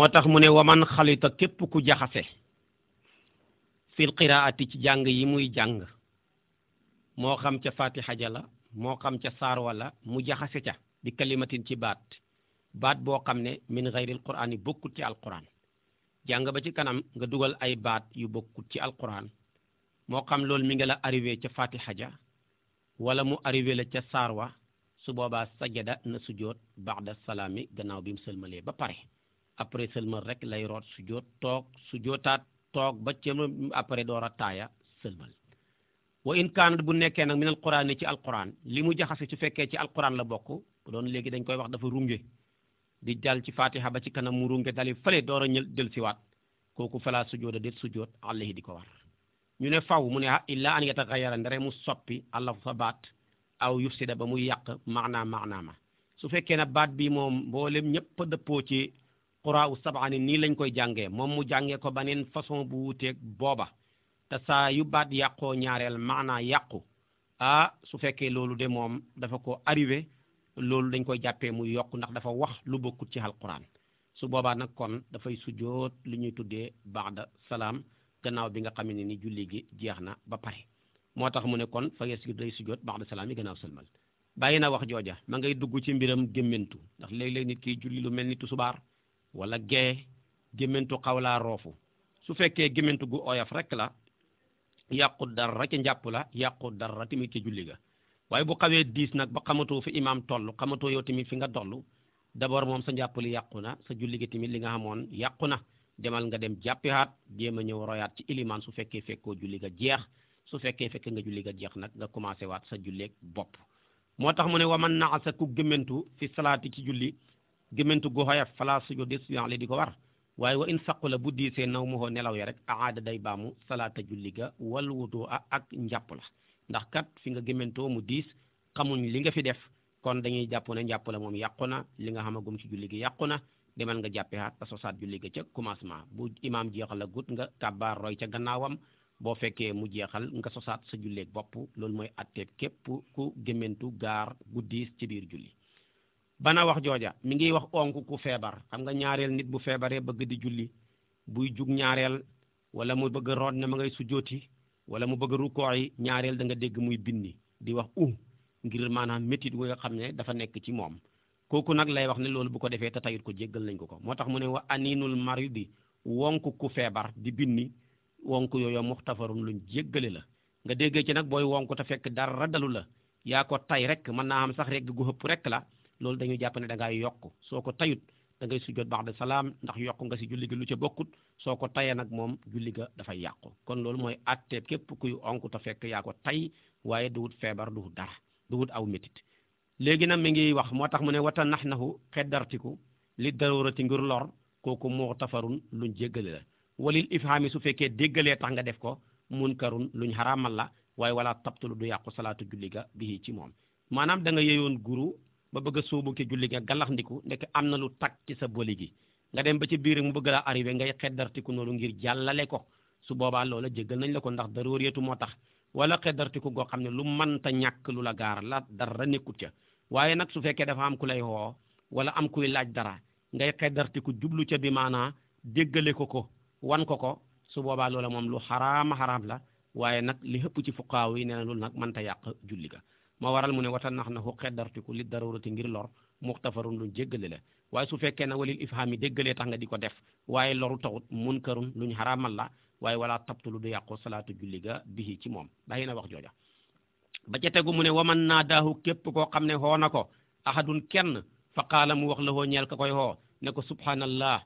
moo tax mu ne waman xalita képp ku jaxase fil qiraati ci jàng yi muy jàng moo xam ca fatiha ja la moo xam ca saar la mu jaxase ca bi kalimatin ci baat baat boo xam ne min gayril quraan bokkut ci alquran jàng ba ci kanam nga dugal ay baat yu bokkut ci alquran moo xam loolu mi ngi la arrivé ca fatiha ja wala mu arrivé la ca saar wa su boobaa sajada na sujoot ba'da salaami gannaaw bi mu sëlmalee ba pare après sëlmal rek lay root su joot toog su jootaat toog ba ca après door a taaya sëlmal wa in kaanat bu nekkee nag min alquran ni ci alquran li mu jaxase su fekkee ci alquran la bokk bu doon léegi dañ koy wax dafa runge di dal ci fatiha ba ci kanam mu runge dali fële door a ñël del siwaat kooku falaa sujooda déet sujoot allahi di ko war ñu ne faw mu ne ah, illa an yataxayara ndare mu soppi allah fa baat aw yufsida ba muy yàq maanaa maanaa ma su fekkee na baat xuraa u sabaani nii lañ koy jàngee moom mu jàngee ko beneen façon bu wuuteeg booba te saa yu baat yàqoo ñaareel maanaa yàqu ah su fekkee loolu de moom dafa ko arrivé loolu dañ koy jàppee muy yokk ndax dafa wax lu bokkut ci su boobaa nag kon dafay sujjoot li ñuy tuddee baada salaam gannaaw bi nga xam ne ni julli gi jeex na ba pare moo tax mu ne kon fa yes gi day sujjoot baada salaam yi gannaaw sëlmal bàyyi na wax jooja ma ngay dugg ci mbiram gémmentu ndax léeg-léeg nit kii julli lu mel ni tusubaar wala ge gémmantu xaw rofu su fekke gémmantu gu oyaf rek la yàqu dara ci njàpp la yàqu ci julli ga waye bu xawé diis nak ba xamatu fi imam tollu xamatu yow timi fi nga toll d'abord mom sa njàpp li sa julli ga timi li nga xamone yàqu demal nga dem jappi hat jema ñew royat ci iliman su fekke fekko julli ga jeex su fekke fekke nga julli ga jeex nak nga commencé wat sa julle bop motax mu ne waman naasa ku gementu fi salati ci julli gémmantu gu xoyaf fala sujud li di ko war waaye wa in saqula bu diisee naw mu xoo nelaw ya rek aada day baamu salaata julli ga wal wutu a ak njàpp la ndax kat fi nga gémmantoo mu diis xamuñ li nga fi def kon dañuy jàpp ne njàpp la moom na li nga xamagum ci julli gi yàqu na demal nga jàppeaat ta sosaat julli ga ca commencement bu imaam jeexal a gut nga kàbbaar roy ca gannaawam boo fekkee mu jeexal nga sosaat sa julleeg bopp loolu mooy atteeb képp ku gémmantu gaar gu diis ci biir julli bana wax jooja mi ngi wax onk ku feebar xam nga ñaareel nit bu feebaree bëgg di julli buy jug ñaareel wala mu bëgg root ne ma ngay sujjooti wala mu bëgg rukkoo ñaareel da nga dégg muy binni di wax u um, ngir maanaam métit wu nga xam ne dafa nekk ci moom kooku nag lay wax ne loolu bu ko defee te tayut ko jéggal nañ ko ko moo tax mu ne wax wa aninul maridi wonk ku feebar di binni wonk yooyu muxtafarun luñ jéggale la nga déggee ci nag booy wonk te fekk dara dalu la yaa ko tay rek mën naa am sax rek gu xëpp la loolu dañuy jàpp ne da ngaa yokk soo ko tayut dangay ngay sujjoot baax de salaam ndax yokk nga si julli gi lu ci bokkut soo ko tayee nag moom julli ga dafay yàqu kon loolu mooy àtte képp kuy onk te fekk yaa ko tay waaye wut feebar duwut dara duwut aw métit léegi nag mi ngi wax moo tax mu ne wata nax naxu xeddartiku li darurati ngir lor kooku moo tafarun luñ jéggale la walil ifhaami su fekkee déggalee tax nga def ko munkarun luñ xaraamal la waaye wala tabtulu du yàqu salaatu julli ga ci moom maanaam da nga yeyoon guru ba bëgg a sóobu ki julli nga galaxndiku ndekk am na lu tag ci sa boli gi nga dem ba ci biir mu bëgg laa arrivé ngay xeddartiku noonu ngir jàllale ko su boobaa loola jéggal nañ la ko ndax dara daroorietu moo tax wala xeddartiku goo xam ne lu mënta ñàkk lu la gaar la dara ra nekkut ca waaye nag su fekkee dafa am ku lay woo wala am kuy laaj dara ngay xeddartiku jublu ca bi maanaa déggale ko ko wan ko ko su boobaa loola moom lu xaraama xaraam la waaye nag li xëpp ci fuqaaw yi nee na loolu nag mënta yàq julli ga moo waral mu ne wata nax na hu xeddartiku li darurati ngir lor muxtafarun luñ jéggale la waaye su fekkee na walil ifhaam yi déggalee tax nga di ko def waaye loru taxut munkarun luñ xaraamal la waaye wala tabtulu du yàqu salaatu julli ga bihi ci moom bàyyi na wax jooja ba ca tegu mu ne waman naa daahu képp koo xam ne xoo na ko ahadun kenn fa qaala mu wax la hoo ñeel ka koy xoo ne ko subhanallah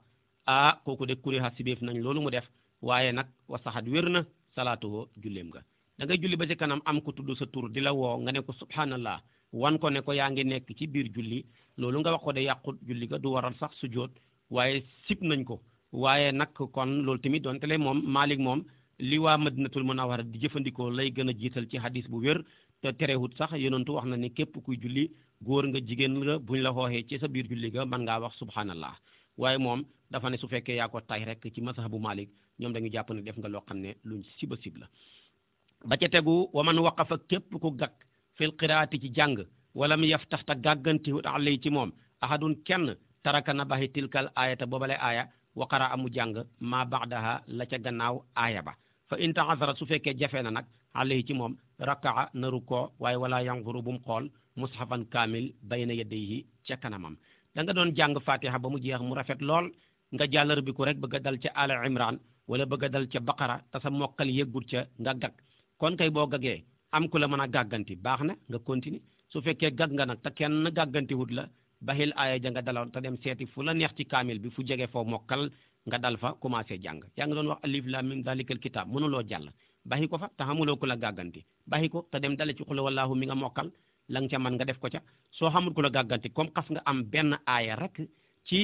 ah kooku de kuriha sibeef nañ loolu mu def waaye nag wa saxat wér na salaatu hoo ga da ngay julli ba ci kanam am ko tudd sa tur di la woo nga ne ko subhanallah wan ko ne ko yaa ngi nekk ci biir julli loolu nga wax ko de yàqut julli ga du waral sax sujjóot waaye sib nañ ko waaye nag kon loolu tamit donte lay moom maalik moom li waa madinatul munawara di jëfandikoo lay gën a jiital ci hadis bu wér te terewut sax yonentu wax na ni képp kuy julli góor nga jigéen nga ñu la xooxee ci sa biir julli ga mën ngaa wax subhanallah waaye moom dafa ne su fekkee yaa ko tay rek ci mazhabu Malik ñoom dañu jàpp ne def nga loo xam ne luñ siba sib la ba ca tegu wa man waqafa képp ku gàkk fil qiraati ci jàng wala mu yaf tax te gàggantiwut alay ci moom ahadun kenn taraka na baxi tilkal aayata boobale aaya wa qara amu jàng ma baxdaha la ca gannaaw aaya ba fa in taasara su fekkee jafe na nag alay ci moom rakaa naru ko waaye wala yanzuru bu mu xool mushafan kaamil bayna yadayhi ca kanamam da nga doon jàng fatiha ba mu jeex mu rafet lool nga jàllar bi ko rek bëgg a dal ca ala imran wala bëgg dal ca baqara te sa mokkal ca nga gag kon kay boo gaggee am ku la mën a gàgganti baax na nga continue su fekkee gag nga nag te kenn gàggantiwut la baxil aaya ja nga daloon te dem seeti fu la neex ci kaamil bi fu jege foo mokkal nga dal fa commencé jàng yaa ngi doon wax alif min mim zalikal kitab mënuloo jàll baxi ko fa te xamuloo ku la gàgganti baxi ko te dem dale ci xul wallahu mi nga mokkal la nga ca man nga def ko ca soo xamul ku la gàgganti comme xas nga am benn aaya rek ci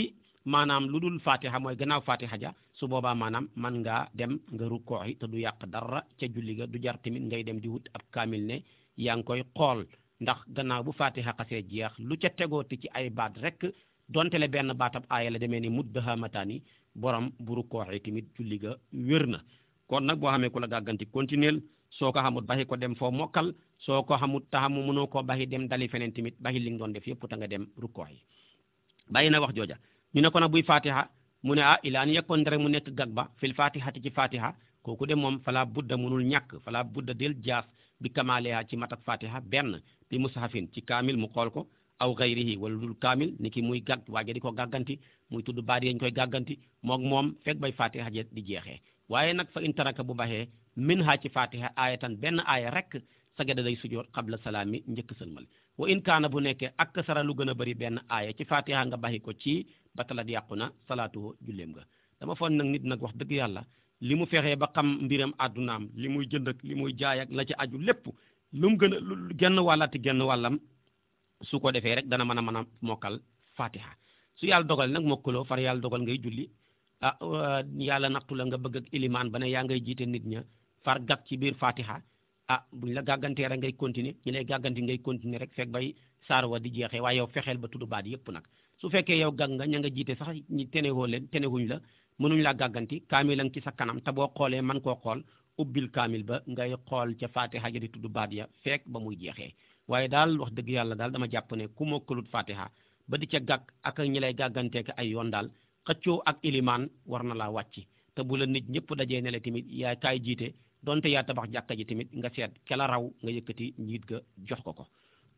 maanaam lu dul fatiha mooy gannaaw fatiha ja su boobaa maanaam man ngaa dem nga rukkoo yi te du yàq dara ca julliga du jar tamit ngay dem di wut ab kaamil ne yaa ngi koy xool ndax gannaaw bu xa xasee jeex lu ca tegooti ci ay baat rek donte le benn baatab aaya la demee ni muddahamataani borom bu rukkoo yi tamit julli ga wér na kon nag boo xamee ku la gàgganti continuel soo ko xamut baxi ko dem foo mokkal soo ko xamut taxamu mënoo ko baxi dem dali feneen tamit baxi li nga doon def yëpp ta nga dem rukkoo yi bàyyi wax jooja ñu ne ko nag buy fatiha mu ne ah ilaa an yekkoon ndare mu nekk gag ba fil fatihati ci fatiha kooku de moom fala budda munul ñàkk fala budda del jaas bi kamaaleha ci matak fatiha benn bi mushafin ci kaamil mu xool ko aw gayrihi wala dul kaamil ni ki muy gàgg waaje di ko gàgganti muy tudd baat yañ koy gàgganti moog moom fekk bay fatiha je di jeexee waaye nag fa in taraka bu baxee minn ha ci fatiha ayatan benn aaya rek sagada day sujoot qabla salaami njëkk sëlmal wa in kaana bu nekkee ak sara lu gën a bëri benn aaya ci fatiha nga baxi ko ci batalat yàqu na salaatuhu julleem ga dama foon nag nit nag wax dëgg yàlla li mu fexee ba xam mbiram àddunaam li muy jënd ak li muy jaay la ci aju lépp lu mu gën a lu genn wàllati genn wàllam su ko defee rek dana mën a mën a mokkal fatiha su yàlla dogal nag mokkaloo far yàlla dogal ngay julli ah yàlla nattu la nga bëgg ak ilimaan ba ne yaa ngay jiite nit ña far gàtt ci biir fatiha ah buñ la gàggantee rek ngay continuer ñu lay gàgganti ngay continuer rek fekk bay saar wa di jeexee waaye yow fexeel ba tudd yëpp nag su fekkee yow gàgg nga ña nga jiite sax ñi tenewoo leen tenewuñ la mënuñ laa gàgganti kaamil ci sa kanam te boo xoolee man koo xool ubbil kaamil ba ngay xool ca fatiha ji di tudd dal ya feek ba muy jeexee waaye daal wax dëgg yàlla daal dama jàpp ne ku mokkalut fatiha ba di ca gàgg ak ñi lay gàgganteek ay yoon daal xëccoo ak ilimaan war na laa te bu la nit ñëpp dajee ne la tamit kaay jiite donte yaa tabax jàkka ji tamit nga seet kela raw nga yëkkati njiit ga jox ko ko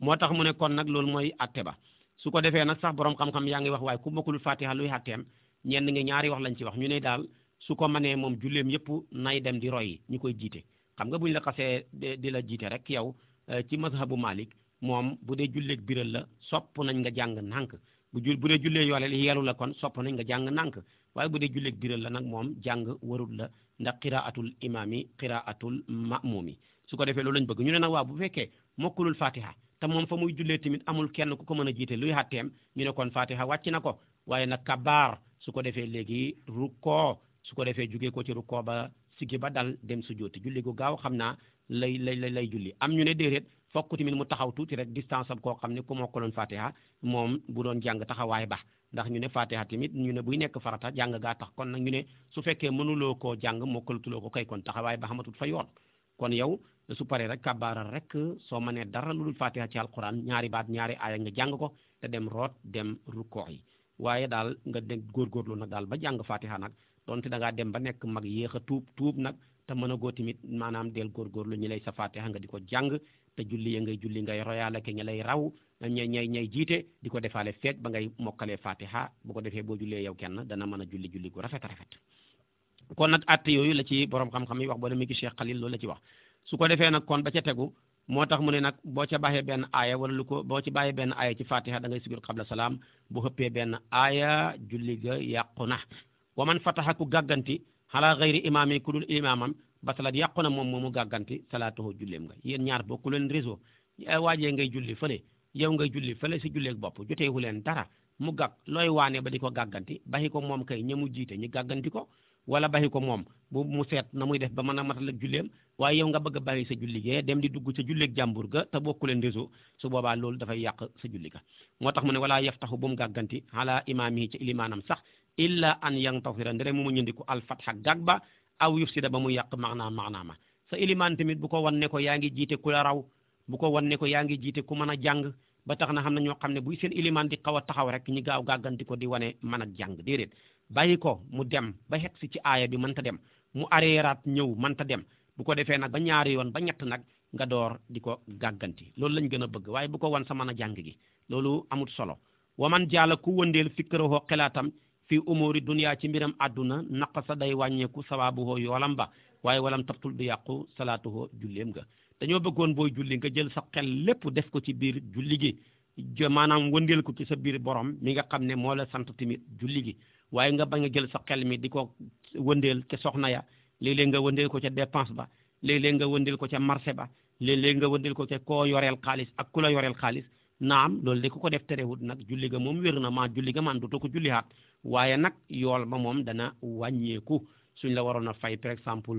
moo mu ne kon nag loolu mooy atte ba su ko defee nag sax borom xam-xam yaa ngi wax waaye ku mokkul fatiha luy xàtteem ñenn ngi ñaari wax lañ ci wax ñu ne daal su ko mënee moom julleem yëpp nay dem di roy ñu koy jiite xam nga buñ la xasee di la jiite rek yow eh, ci mazhabu Malik moom bu dee julleeg biral la sopp nañ nga jàng nànk bu ju bu dee jullee yoole li yelu la kon sopp nañ nga jàng nànk waaye bu dee julleeg biral la nag moom jàng warul la ndax qiraatul imaami qiraatul ma'muumi su ko defee loolu lañ bëgg ñu ne nag waaw bu fekkee mokkulul fatiha te moom fa muy jullee tamit amul kenn ku ko mën a jiite luy xatteem ñu ne kon fatiha wàcc na ko waaye na kabaar su ko defee léegi rukkoo su ko defee jugee ko ci rukkoo ba sigi ba dal dem su jooti julli gu gaaw xam naa lay lay lay julli am ñu ne déedéet fokk tamit mu taxaw tuuti rek distance am koo xam ne ku mokkaloon fatiha moom bu doon jàng taxawaay ba ndax ñu ne fatiha tamit ñu ne buy nekk farata jàng gaa tax kon nag ñu ne su fekkee mënuloo koo jàng mokkalutuloo ko kay kon taxawaay ba xamatul yoon kon yow su paree rek kabbaaral rek soo mënee dara lu dul fatiha ci alquran ñaari baat ñaari aaya nga jàng ko te dem root dem rukkoo yi waaye daal nga dégg góorgóorlu nag daal ba jàng fatiha nag donte da ngaa dem ba nekk mag yéex a tuub tuub nag te mën a goo tamit maanaam del góorgóorlu ñi lay sa fatiha nga di ko jàng te julli ya ngay julli ngay royaale ke ñi lay raw ñay ñay ñay jiite di ko defaale feeg ba ngay mokkalee fatiha bu ko defee boo jullee yow kenn dana mën a julli julli gu rafet rafet kon nag att yooyu la ci borom xam-xam yi wax boo demee ci Cheikh Khalil loolu la ci wax su ko defee nag kon ba ca tegu moo tax mu ne nag boo ca bàyyee benn aaya wala lu ko boo ci bàyyee benn aaya ci fatiha da ngay sujud qabla salaam boo xëppee benn aaya julli ga yàqu na wa man fataha gàgganti xalaa gayri imaam yi ku dul imaamam ba salaat yàqu na moom moomu gàgganti salaatuhu julleem nga yéen ñaar bokku leen réseau waajee ngay julli fële yow ngay julli fële si julleek bopp joteewu leen dara mu gàgg looy waane ba di ko gàgganti baxi ko moom kay ñamu jiite ñi gàgganti ko wala bàyyi ko moom bu mu seet na muy def ba mën a matal ak julleem waaye yow nga bëgg a bàyyi sa julli gee dem di dugg sa julleeg jàmbur ga te bokku leen réseau su boobaa loolu dafay yàq sa julli ga moo tax mu ne walaa yaftaxu bu mu gàgganti ala imaamihi ci ilimaanam sax illa an yantafira ndere mu mu ñëndiku alfatxa gag ba aw yufsida ba mu yàq maanaa maanaa ma sa ilimaan tamit bu ko wan ne ko yaa ngi jiite ku la raw bu ko wan ko yaa ngi jiite ku mën a jàng ba tax na xam na ñoo xam ne bu seen ilimaan di xaw a taxaw rek ñu gaaw gàgganti ko di wane mën a jàng bàyyi ko mu dem ba xet si ci aaya bi ta dem mu areeraat ñëw man ta dem bu ko defee nag ba ñaari yoon ba ñett nag nga door di ko gàgganti loolu lañ gën a bëgg waaye bu ko wan sa mën a jàng gi loolu amut solo wa man jaala ku wëndeel fikkaraho xelaatam fi umuri dunia ci mbiram àdduna naqasa day wàññeeku sawaabuhoo yoolam ba waaye walam tabtul du yàqu salaatuhoo julleem nga dañoo bëggoon booy julli nga jël sa xel lépp def ko ci biir julli gi maanaam wëndeel ko ci sa biir borom mi nga xam ne moo la sant tamit julli waaye nga bañ nga jël sa xel mi di ko wëndeel ca soxna ya léeg-léeg nga wëndeel ko ca dépense ba léeg-léeg nga wëndeel ko ca marché ba léeg-léeg nga wëndeel ko ca koo yoreel xaalis ak ku la yoreel xaalis naam loolu de ku ko def terewut nag julli ga moom wér na maa julli ga man dootoo ko jullihaat waaye nag yool ba moom dana wàññeeku suñ la waroon a fay par exemple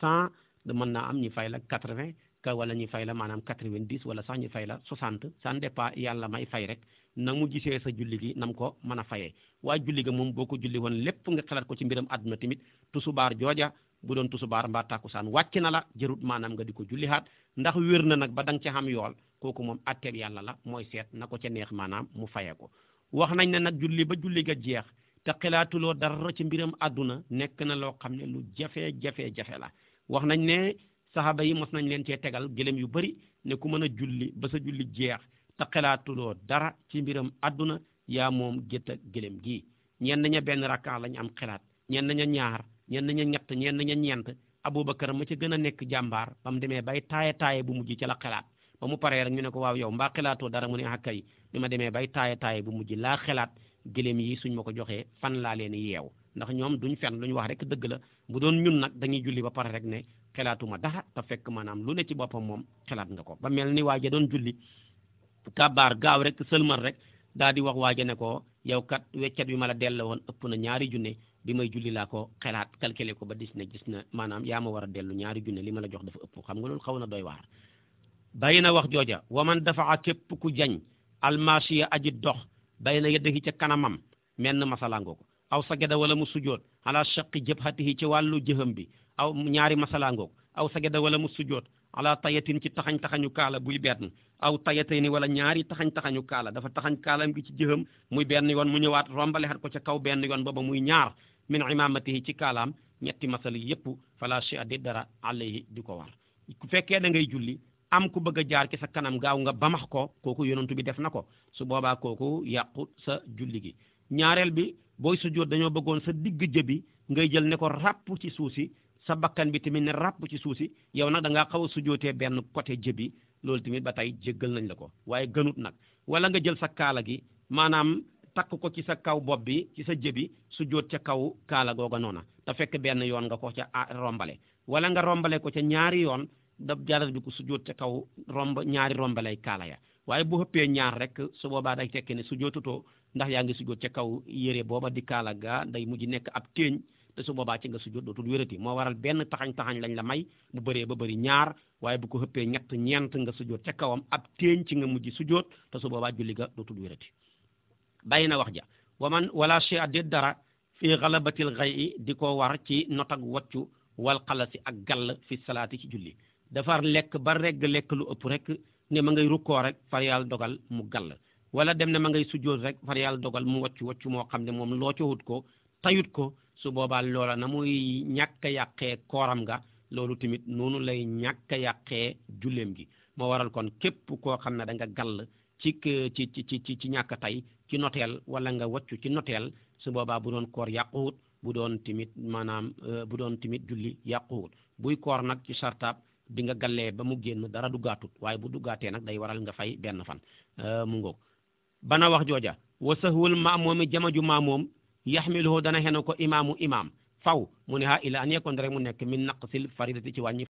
cent de mën naa am ñi fay la quatre ka wala ñi fay la maanaam quatre-vingt-dix wala sax ñi fay la soixante ça ne dépend yàlla may fay rek na mu jisee sa julli gi nam ko mën a fayee waa julli ga moom boo ko julli woon lépp nga xalaat ko ci mbiram àdduna tamit tusubaar jooja bu doon tusubaar mbaa tàkkusaan wàcc na la jarut maanaam nga di ko jullihaat ndax wér na nag ba da nga ca xam yool kooku moom atteeb yàlla la mooy seet na ko ca neex maanaam mu fayee ko wax nañ ne nag julli ba julli ga jeex te xalaatuloo dara ci mbiram àdduna nekk na loo xam ne lu jafe jafe la wax nañ ne saxaaba yi mos nañ leen cee tegal gëlëm yu bari ne ku mën a julli ba sa julli jeex te xelaatuloo dara ci mbiram adduna yaa moom gétt ak gëlëm gii ñenn ña benn rakkaan lañ am xelaat ñenn ña ñaar ñenn ña ñett ñenn ña ñeent Aboubacar ma ca gën a nekk jàmbaar ba mu demee bay taaye taaye bu mujj ca la xelaat ba mu paree rek ñu ne ko waaw yow mbaa xelaatoo dara mu ne xàkka ah, yi bi ma demee bay taaye taaye bu mujj laa xelaat gëlëm yii suñ ma ko joxee fan laa leen yeew ndax ñoom duñ fen lu ñu wax rek dëgg la bu doon ñun nag dañuy julli ba pare rek ne xelaatuma dara fekk maanaam lu ne ci boppam moom xelaat nga ko kabaar gaaw rek sëlmal rek daal di wax waaja ne ko yow kat weccat bi ma la delloo woon ëpp na ñaari junne bi may julli laa ko xelaat calculer ko ba dis ne gis na maanaam yaa ma war a dellu ñaari junne li ma la jox dafa ëpp xam nga loolu xaw na doy waar bàyyi na wax jooja man dafa képp ku jañ almasiya aji dox bàyyi na yeddahi ca kanamam menn masalaangoo ko aw sageda wala mu sujoot ala shaqi jëbhatihi ci wàllu jëham bi aw ñaari masalaangoo aw sageda wala mu sujoot ala tayatin ci taxañ taxañu kala buy ben aw tayatayni wala ñaari taxañ taxañu kala dafa taxañ kala bi ci jëham muy ben yoon mu ñëwaat rombalé xat ko ci kaw ben yoon booba muy ñaar min imamatihi ci kalam ñetti masal yépp fala shia di dara alayhi diko war ku fekke da ngay julli am ku bëgg jaar ci sa kanam gaaw nga bamax ko koku yonentu bi def nako su boba koku yàqu sa julli gi ñaarel bi boy sujud dañu bëggoon sa digg jëbi ngay jël ne ko rap ci suusi sa bakkan bi tamit ne ràpp ci suuf si yow nag da ngaa xaw a sujootee benn côté jëbi loolu tamit ba tey jéggal nañ la ko waaye gënut nag wala nga jël sa kaala gi maanaam takk ko ci sa kaw bopp bi ci sa jëbi sujoot ca kaw kaala googa noona te fekk benn yoon nga ko ca ah, rombale wala nga rombale ko ca ñaari yoon da jaral bi ko sujoot ca kaw romb ñaari rombalay kaala ya waaye bu xëppee ñaar rek su boobaa day tekki ne sujootutoo ndax yaa ngi sujoot ca kaw yére booba di kaala ga day mujj nekk ab téeñ te su boobaa ci nga sujjóot dootul wérati moo waral benn taxañ-taxañ lañ la may bu bëree ba bëri ñaar waaye bu ko xëppee ñett ñeent nga sujjóot ca kawam ab téeñ ci nga mujj sujjóot te su boobaa julli ga dootul wérati bàyyi na wax ja wa man wala che adde dara fii xalabatil xay i di ko war ci not ak waccu wal xalasi ak gàll fi salaati ci julli dafa lekk ba regg lekk lu ëpp rek ne ma ngay rukkoo rek far dogal mu gàll walla dem ne ma ngay sujjóot rek far yàlla dogal mu waccu waccu moo xam ne moom loo coowut ko tayut ko su boobaa loola na muy ñàkk a yàqee kooram ga loolu tamit noonu lay ñàkk a yàqee julleem gi moo waral kon képp koo xam ne danga nga gàll ci ci ci ci ci ñàkk tey ci noteel wala nga waccu ci noteel su boobaa bu doon koor yàquwut bu doon tamit maanaam euh, bu doon tamit julli yàquwut buy koor nag ci sartaab di nga gallee ba mu génn dara duggaatut waaye bu duggaatee nag day waral nga fay benn fan euh, mu ngoog bana wax jooja wa sahwul jama ju maamoom yahmiluhu dana heno ko imamu imam faw mu ne ha ila an yakon dara mu nekk min naqsil faridati ci wàññi